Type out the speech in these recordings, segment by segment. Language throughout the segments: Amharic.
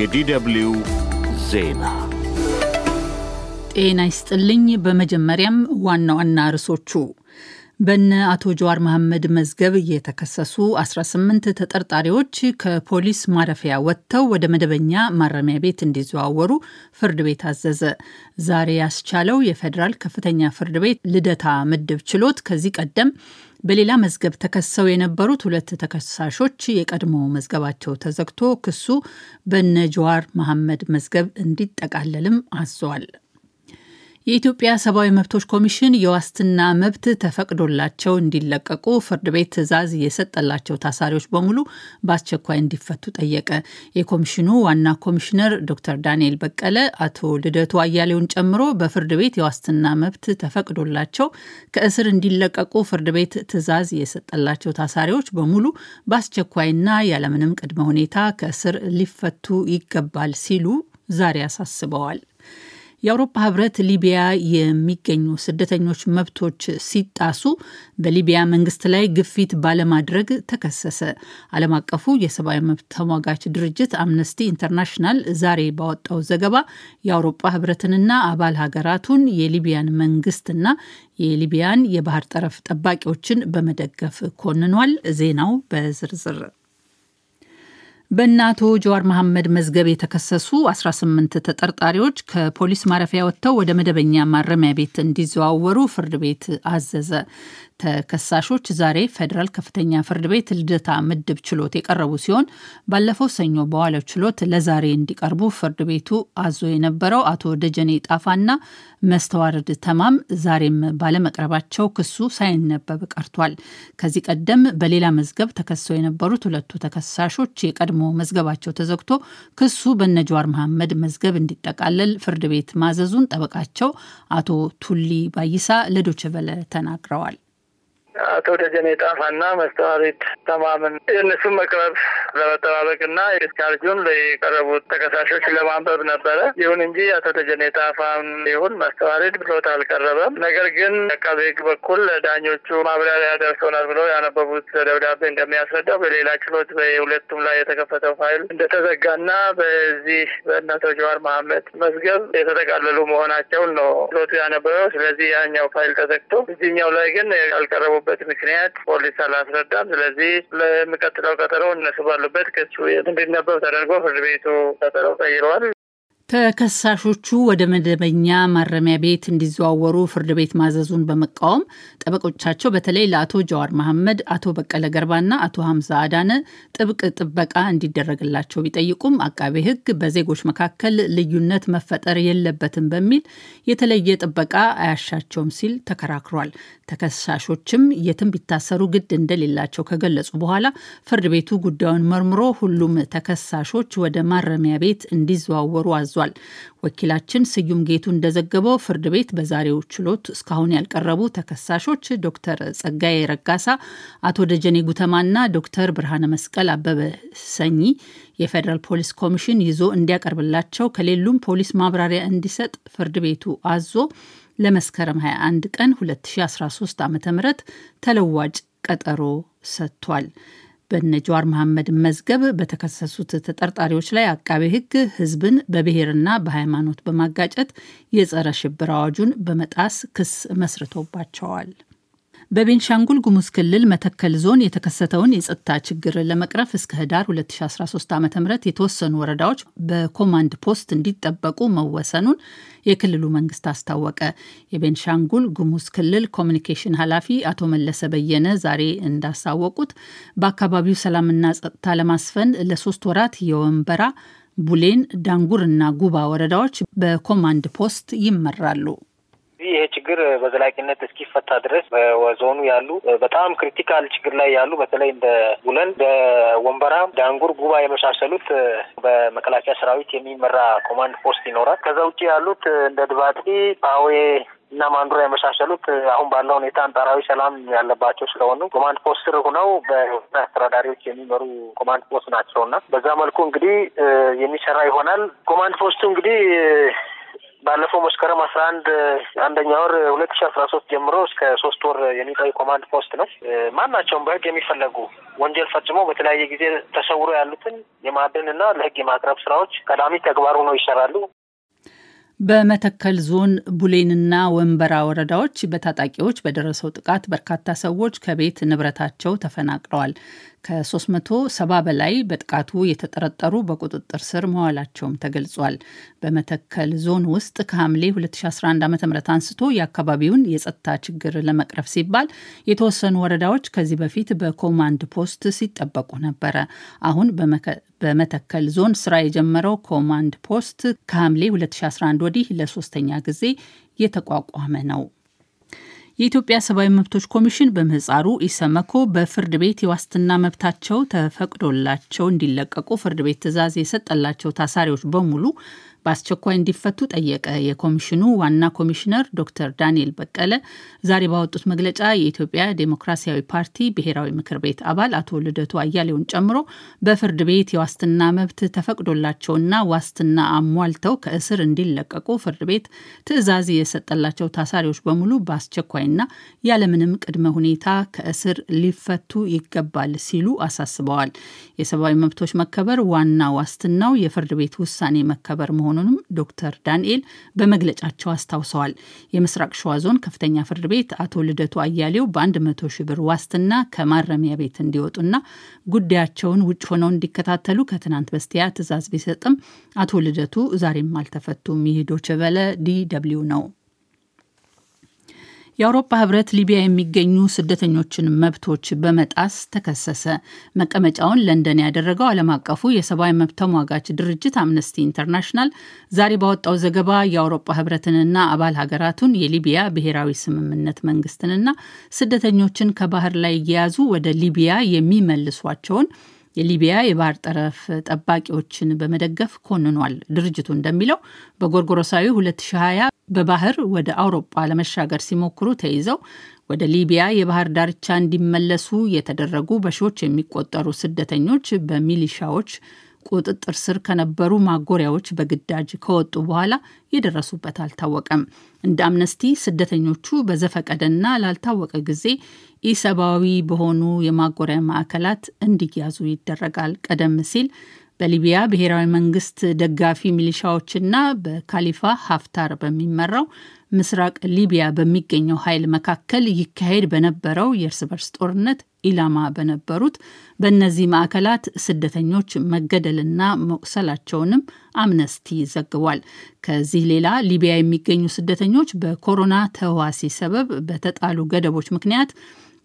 የዲደብልዩ ዜና ጤና ይስጥልኝ። በመጀመሪያም ዋና ዋና ርዕሶቹ በነ አቶ ጀዋር መሐመድ መዝገብ የተከሰሱ 18 ተጠርጣሪዎች ከፖሊስ ማረፊያ ወጥተው ወደ መደበኛ ማረሚያ ቤት እንዲዘዋወሩ ፍርድ ቤት አዘዘ። ዛሬ ያስቻለው የፌዴራል ከፍተኛ ፍርድ ቤት ልደታ ምድብ ችሎት ከዚህ ቀደም በሌላ መዝገብ ተከሰው የነበሩት ሁለት ተከሳሾች የቀድሞ መዝገባቸው ተዘግቶ ክሱ በነ ጀዋር መሐመድ መዝገብ እንዲጠቃለልም አዟል። የኢትዮጵያ ሰብአዊ መብቶች ኮሚሽን የዋስትና መብት ተፈቅዶላቸው እንዲለቀቁ ፍርድ ቤት ትዕዛዝ የሰጠላቸው ታሳሪዎች በሙሉ በአስቸኳይ እንዲፈቱ ጠየቀ። የኮሚሽኑ ዋና ኮሚሽነር ዶክተር ዳንኤል በቀለ አቶ ልደቱ አያሌውን ጨምሮ በፍርድ ቤት የዋስትና መብት ተፈቅዶላቸው ከእስር እንዲለቀቁ ፍርድ ቤት ትዕዛዝ የሰጠላቸው ታሳሪዎች በሙሉ በአስቸኳይና ያለምንም ቅድመ ሁኔታ ከእስር ሊፈቱ ይገባል ሲሉ ዛሬ አሳስበዋል። የአውሮፓ ህብረት ሊቢያ የሚገኙ ስደተኞች መብቶች ሲጣሱ በሊቢያ መንግስት ላይ ግፊት ባለማድረግ ተከሰሰ። ዓለም አቀፉ የሰብአዊ መብት ተሟጋች ድርጅት አምነስቲ ኢንተርናሽናል ዛሬ ባወጣው ዘገባ የአውሮፓ ህብረትንና አባል ሀገራቱን የሊቢያን መንግስትና የሊቢያን የባህር ጠረፍ ጠባቂዎችን በመደገፍ ኮንኗል። ዜናው በዝርዝር በእነ አቶ ጀዋር መሐመድ መዝገብ የተከሰሱ 18 ተጠርጣሪዎች ከፖሊስ ማረፊያ ወጥተው ወደ መደበኛ ማረሚያ ቤት እንዲዘዋወሩ ፍርድ ቤት አዘዘ። ተከሳሾች ዛሬ ፌዴራል ከፍተኛ ፍርድ ቤት ልደታ ምድብ ችሎት የቀረቡ ሲሆን ባለፈው ሰኞ በዋለው ችሎት ለዛሬ እንዲቀርቡ ፍርድ ቤቱ አዞ የነበረው አቶ ደጀኔ ጣፋና መስተዋርድ ተማም ዛሬም ባለመቅረባቸው ክሱ ሳይነበብ ቀርቷል። ከዚህ ቀደም በሌላ መዝገብ ተከሰው የነበሩት ሁለቱ ተከሳሾች የቀድሞ ቀድሞ መዝገባቸው ተዘግቶ ክሱ በነጀዋር መሐመድ መዝገብ እንዲጠቃለል ፍርድ ቤት ማዘዙን ጠበቃቸው አቶ ቱሊ ባይሳ ለዶችቨለ ተናግረዋል። አቶ ደጀኔ ጣፋና መስተዋሪት ተማምን የእነሱን መቅረብ ለመጠባበቅና የቻርጁን ለቀረቡት ተከሳሾች ለማንበብ ነበረ። ይሁን እንጂ አቶ ደጀኔ ጣፋን ይሁን መስተዋሪት ብሎት አልቀረበም። ነገር ግን አቃቤ ሕግ በኩል ለዳኞቹ ማብራሪያ ደርሶናል ብሎ ያነበቡት ደብዳቤ እንደሚያስረዳው በሌላ ችሎት በሁለቱም ላይ የተከፈተው ፋይል እንደተዘጋና በዚህ በእነ አቶ ጀዋር መሐመድ መዝገብ የተጠቃለሉ መሆናቸውን ነው ችሎቱ ያነበበው። ስለዚህ ያኛው ፋይል ተዘግቶ እዚህኛው ላይ ግን ያልቀረቡ ያልቻልንበት ምክንያት ፖሊስ አላስረዳም። ስለዚህ ለሚቀጥለው ቀጠሮ እነሱ ባሉበት ክሱ እንዲነበብ ተደርጎ ፍርድ ቤቱ ቀጠሮ ቀይረዋል። ተከሳሾቹ ወደ መደበኛ ማረሚያ ቤት እንዲዘዋወሩ ፍርድ ቤት ማዘዙን በመቃወም ጠበቆቻቸው በተለይ ለአቶ ጀዋር መሐመድ፣ አቶ በቀለ ገርባና አቶ ሀምዛ አዳነ ጥብቅ ጥበቃ እንዲደረግላቸው ቢጠይቁም አቃቤ ሕግ በዜጎች መካከል ልዩነት መፈጠር የለበትም በሚል የተለየ ጥበቃ አያሻቸውም ሲል ተከራክሯል። ተከሳሾችም የትም ቢታሰሩ ግድ እንደሌላቸው ከገለጹ በኋላ ፍርድ ቤቱ ጉዳዩን መርምሮ ሁሉም ተከሳሾች ወደ ማረሚያ ቤት እንዲዘዋወሩ አዘ አዟል። ወኪላችን ስዩም ጌቱ እንደዘገበው ፍርድ ቤት በዛሬው ችሎት እስካሁን ያልቀረቡ ተከሳሾች ዶክተር ጸጋዬ ረጋሳ፣ አቶ ደጀኔ ጉተማና ዶክተር ብርሃነ መስቀል አበበ ሰኚ የፌዴራል ፖሊስ ኮሚሽን ይዞ እንዲያቀርብላቸው ከሌሉም ፖሊስ ማብራሪያ እንዲሰጥ ፍርድ ቤቱ አዞ ለመስከረም 21 ቀን 2013 ዓ ም ተለዋጭ ቀጠሮ ሰጥቷል። በነጃዋር መሐመድ መዝገብ በተከሰሱት ተጠርጣሪዎች ላይ አቃቤ ሕግ ህዝብን በብሔርና በሃይማኖት በማጋጨት የጸረ ሽብር አዋጁን በመጣስ ክስ መስርቶባቸዋል። በቤንሻንጉል ጉሙዝ ክልል መተከል ዞን የተከሰተውን የጸጥታ ችግር ለመቅረፍ እስከ ህዳር 2013 ዓ ም የተወሰኑ ወረዳዎች በኮማንድ ፖስት እንዲጠበቁ መወሰኑን የክልሉ መንግስት አስታወቀ። የቤንሻንጉል ጉሙዝ ክልል ኮሚኒኬሽን ኃላፊ አቶ መለሰ በየነ ዛሬ እንዳሳወቁት በአካባቢው ሰላምና ጸጥታ ለማስፈን ለሶስት ወራት የወንበራ ቡሌን፣ ዳንጉር እና ጉባ ወረዳዎች በኮማንድ ፖስት ይመራሉ። ስለዚህ ይሄ ችግር በዘላቂነት እስኪፈታ ድረስ በዞኑ ያሉ በጣም ክሪቲካል ችግር ላይ ያሉ በተለይ እንደ ቡለን፣ እንደ ወንበራ፣ ዳንጉር፣ ጉባ የመሳሰሉት በመከላከያ ሰራዊት የሚመራ ኮማንድ ፖስት ይኖራል። ከዛ ውጭ ያሉት እንደ ድባጢ፣ ፓዌ እና ማንዱራ የመሳሰሉት አሁን ባለው ሁኔታ አንጻራዊ ሰላም ያለባቸው ስለሆኑ ኮማንድ ፖስት ስር ሁነው በአስተዳዳሪዎች የሚመሩ ኮማንድ ፖስት ናቸው እና በዛ መልኩ እንግዲህ የሚሰራ ይሆናል። ኮማንድ ፖስቱ እንግዲህ ባለፈው መስከረም አስራ አንድ አንደኛ ወር ሁለት ሺ አስራ ሶስት ጀምሮ እስከ ሶስት ወር የሚቆይ ኮማንድ ፖስት ነው። ማናቸውም በህግ የሚፈለጉ ወንጀል ፈጽሞ በተለያየ ጊዜ ተሰውሮ ያሉትን የማደንና ለህግ የማቅረብ ስራዎች ቀዳሚ ተግባር ሆነው ይሰራሉ። በመተከል ዞን ቡሌንና ወንበራ ወረዳዎች በታጣቂዎች በደረሰው ጥቃት በርካታ ሰዎች ከቤት ንብረታቸው ተፈናቅለዋል። ከ370 በላይ በጥቃቱ የተጠረጠሩ በቁጥጥር ስር መዋላቸውም ተገልጿል። በመተከል ዞን ውስጥ ከሐምሌ 2011 ዓ.ም አንስቶ የአካባቢውን የጸጥታ ችግር ለመቅረፍ ሲባል የተወሰኑ ወረዳዎች ከዚህ በፊት በኮማንድ ፖስት ሲጠበቁ ነበረ። አሁን በመተከል ዞን ስራ የጀመረው ኮማንድ ፖስት ከሐምሌ 2011 ወዲህ ለሶስተኛ ጊዜ የተቋቋመ ነው። የኢትዮጵያ ሰብአዊ መብቶች ኮሚሽን በምህፃሩ ኢሰመኮ በፍርድ ቤት የዋስትና መብታቸው ተፈቅዶላቸው እንዲለቀቁ ፍርድ ቤት ትዕዛዝ የሰጠላቸው ታሳሪዎች በሙሉ በአስቸኳይ እንዲፈቱ ጠየቀ። የኮሚሽኑ ዋና ኮሚሽነር ዶክተር ዳንኤል በቀለ ዛሬ ባወጡት መግለጫ የኢትዮጵያ ዴሞክራሲያዊ ፓርቲ ብሔራዊ ምክር ቤት አባል አቶ ልደቱ አያሌውን ጨምሮ በፍርድ ቤት የዋስትና መብት ተፈቅዶላቸውና ዋስትና አሟልተው ከእስር እንዲለቀቁ ፍርድ ቤት ትዕዛዝ የሰጠላቸው ታሳሪዎች በሙሉ በአስቸኳይና ያለምንም ቅድመ ሁኔታ ከእስር ሊፈቱ ይገባል ሲሉ አሳስበዋል። የሰብአዊ መብቶች መከበር ዋና ዋስትናው የፍርድ ቤት ውሳኔ መከበር መሆኑ መሆኑንም ዶክተር ዳንኤል በመግለጫቸው አስታውሰዋል። የምስራቅ ሸዋ ዞን ከፍተኛ ፍርድ ቤት አቶ ልደቱ አያሌው በ100 ሺህ ብር ዋስትና ከማረሚያ ቤት እንዲወጡና ጉዳያቸውን ውጭ ሆነው እንዲከታተሉ ከትናንት በስቲያ ትዕዛዝ ቢሰጥም አቶ ልደቱ ዛሬም አልተፈቱም። ይህ ዶይቼ ቬለ ዲ ደብልዩ ነው። የአውሮፓ ህብረት ሊቢያ የሚገኙ ስደተኞችን መብቶች በመጣስ ተከሰሰ። መቀመጫውን ለንደን ያደረገው ዓለም አቀፉ የሰብአዊ መብት ተሟጋች ድርጅት አምነስቲ ኢንተርናሽናል ዛሬ ባወጣው ዘገባ የአውሮፓ ህብረትንና አባል ሀገራቱን የሊቢያ ብሔራዊ ስምምነት መንግስትንና ስደተኞችን ከባህር ላይ እየያዙ ወደ ሊቢያ የሚመልሷቸውን የሊቢያ የባህር ጠረፍ ጠባቂዎችን በመደገፍ ኮንኗል። ድርጅቱ እንደሚለው በጎርጎሮሳዊ 2020 በባህር ወደ አውሮፓ ለመሻገር ሲሞክሩ ተይዘው ወደ ሊቢያ የባህር ዳርቻ እንዲመለሱ የተደረጉ በሺዎች የሚቆጠሩ ስደተኞች በሚሊሻዎች ቁጥጥር ስር ከነበሩ ማጎሪያዎች በግዳጅ ከወጡ በኋላ የደረሱበት አልታወቀም። እንደ አምነስቲ ስደተኞቹ በዘፈቀደና ላልታወቀ ጊዜ ኢሰብአዊ በሆኑ የማጎሪያ ማዕከላት እንዲያዙ ይደረጋል። ቀደም ሲል በሊቢያ ብሔራዊ መንግስት ደጋፊ ሚሊሻዎችና በካሊፋ ሀፍታር በሚመራው ምስራቅ ሊቢያ በሚገኘው ኃይል መካከል ይካሄድ በነበረው የእርስ በርስ ጦርነት ኢላማ በነበሩት በእነዚህ ማዕከላት ስደተኞች መገደልና መቁሰላቸውንም አምነስቲ ዘግቧል። ከዚህ ሌላ ሊቢያ የሚገኙ ስደተኞች በኮሮና ተህዋሲ ሰበብ በተጣሉ ገደቦች ምክንያት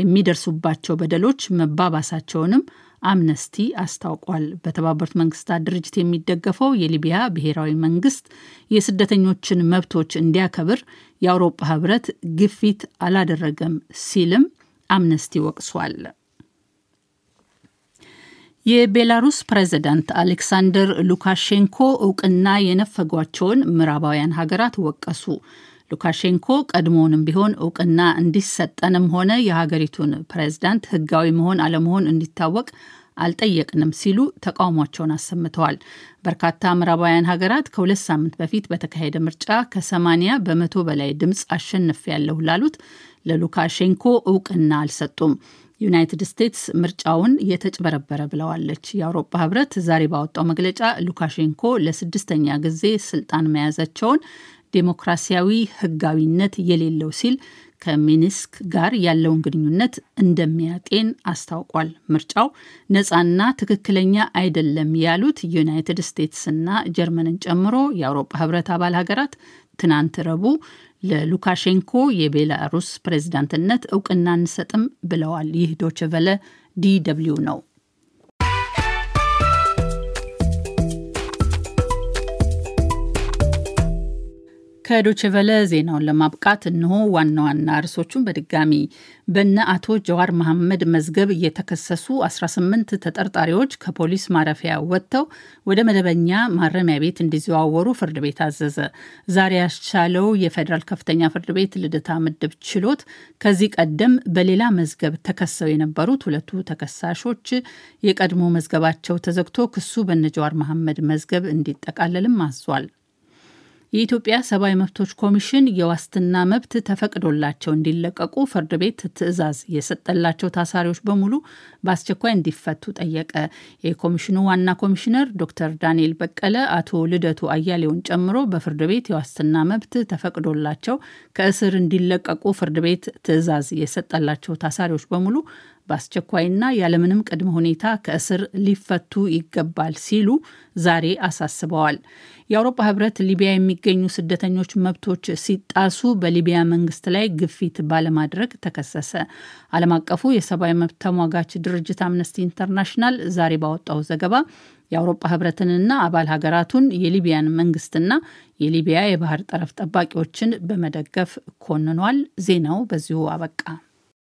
የሚደርሱባቸው በደሎች መባባሳቸውንም አምነስቲ አስታውቋል። በተባበሩት መንግስታት ድርጅት የሚደገፈው የሊቢያ ብሔራዊ መንግስት የስደተኞችን መብቶች እንዲያከብር የአውሮፓ ህብረት ግፊት አላደረገም ሲልም አምነስቲ ወቅሷል። የቤላሩስ ፕሬዝዳንት አሌክሳንደር ሉካሼንኮ እውቅና የነፈጓቸውን ምዕራባውያን ሀገራት ወቀሱ። ሉካሼንኮ ቀድሞውንም ቢሆን እውቅና እንዲሰጠንም ሆነ የሀገሪቱን ፕሬዝዳንት ህጋዊ መሆን አለመሆን እንዲታወቅ አልጠየቅንም ሲሉ ተቃውሟቸውን አሰምተዋል። በርካታ ምዕራባውያን ሀገራት ከሁለት ሳምንት በፊት በተካሄደ ምርጫ ከሰማንያ በመቶ በላይ ድምፅ ያለሁ ላሉት ለሉካሼንኮ እውቅና አልሰጡም። ዩናይትድ ስቴትስ ምርጫውን የተጭበረበረ ብለዋለች። የአውሮፓ ህብረት ዛሬ ባወጣው መግለጫ ሉካሼንኮ ለስድስተኛ ጊዜ ስልጣን መያዛቸውን ዴሞክራሲያዊ ህጋዊነት የሌለው ሲል ከሚንስክ ጋር ያለውን ግንኙነት እንደሚያጤን አስታውቋል። ምርጫው ነፃና ትክክለኛ አይደለም ያሉት ዩናይትድ ስቴትስና ጀርመንን ጨምሮ የአውሮፓ ህብረት አባል ሀገራት ትናንት ረቡዕ ለሉካሼንኮ የቤላሩስ ፕሬዝዳንትነት እውቅና አንሰጥም ብለዋል። ይህ ዶችቨለ ዲ ደብልዩ ነው። ከዶችቨለ ዜናውን ለማብቃት እንሆ ዋና ዋና ርዕሶቹን በድጋሚ በነ አቶ ጀዋር መሐመድ መዝገብ እየተከሰሱ 18 ተጠርጣሪዎች ከፖሊስ ማረፊያ ወጥተው ወደ መደበኛ ማረሚያ ቤት እንዲዘዋወሩ ፍርድ ቤት አዘዘ። ዛሬ ያስቻለው የፌዴራል ከፍተኛ ፍርድ ቤት ልደታ ምድብ ችሎት ከዚህ ቀደም በሌላ መዝገብ ተከሰው የነበሩት ሁለቱ ተከሳሾች የቀድሞ መዝገባቸው ተዘግቶ ክሱ በነ ጀዋር መሐመድ መዝገብ እንዲጠቃለልም አዟል። የኢትዮጵያ ሰብአዊ መብቶች ኮሚሽን የዋስትና መብት ተፈቅዶላቸው እንዲለቀቁ ፍርድ ቤት ትዕዛዝ የሰጠላቸው ታሳሪዎች በሙሉ በአስቸኳይ እንዲፈቱ ጠየቀ። የኮሚሽኑ ዋና ኮሚሽነር ዶክተር ዳንኤል በቀለ አቶ ልደቱ አያሌውን ጨምሮ በፍርድ ቤት የዋስትና መብት ተፈቅዶላቸው ከእስር እንዲለቀቁ ፍርድ ቤት ትዕዛዝ የሰጠላቸው ታሳሪዎች በሙሉ በአስቸኳይና ያለምንም ቅድመ ሁኔታ ከእስር ሊፈቱ ይገባል ሲሉ ዛሬ አሳስበዋል። የአውሮፓ ህብረት ሊቢያ የሚገኙ ስደተኞች መብቶች ሲጣሱ በሊቢያ መንግስት ላይ ግፊት ባለማድረግ ተከሰሰ። ዓለም አቀፉ የሰብአዊ መብት ተሟጋች ድርጅት አምነስቲ ኢንተርናሽናል ዛሬ ባወጣው ዘገባ የአውሮፓ ህብረትንና አባል ሀገራቱን የሊቢያን መንግስትና የሊቢያ የባህር ጠረፍ ጠባቂዎችን በመደገፍ ኮንኗል። ዜናው በዚሁ አበቃ።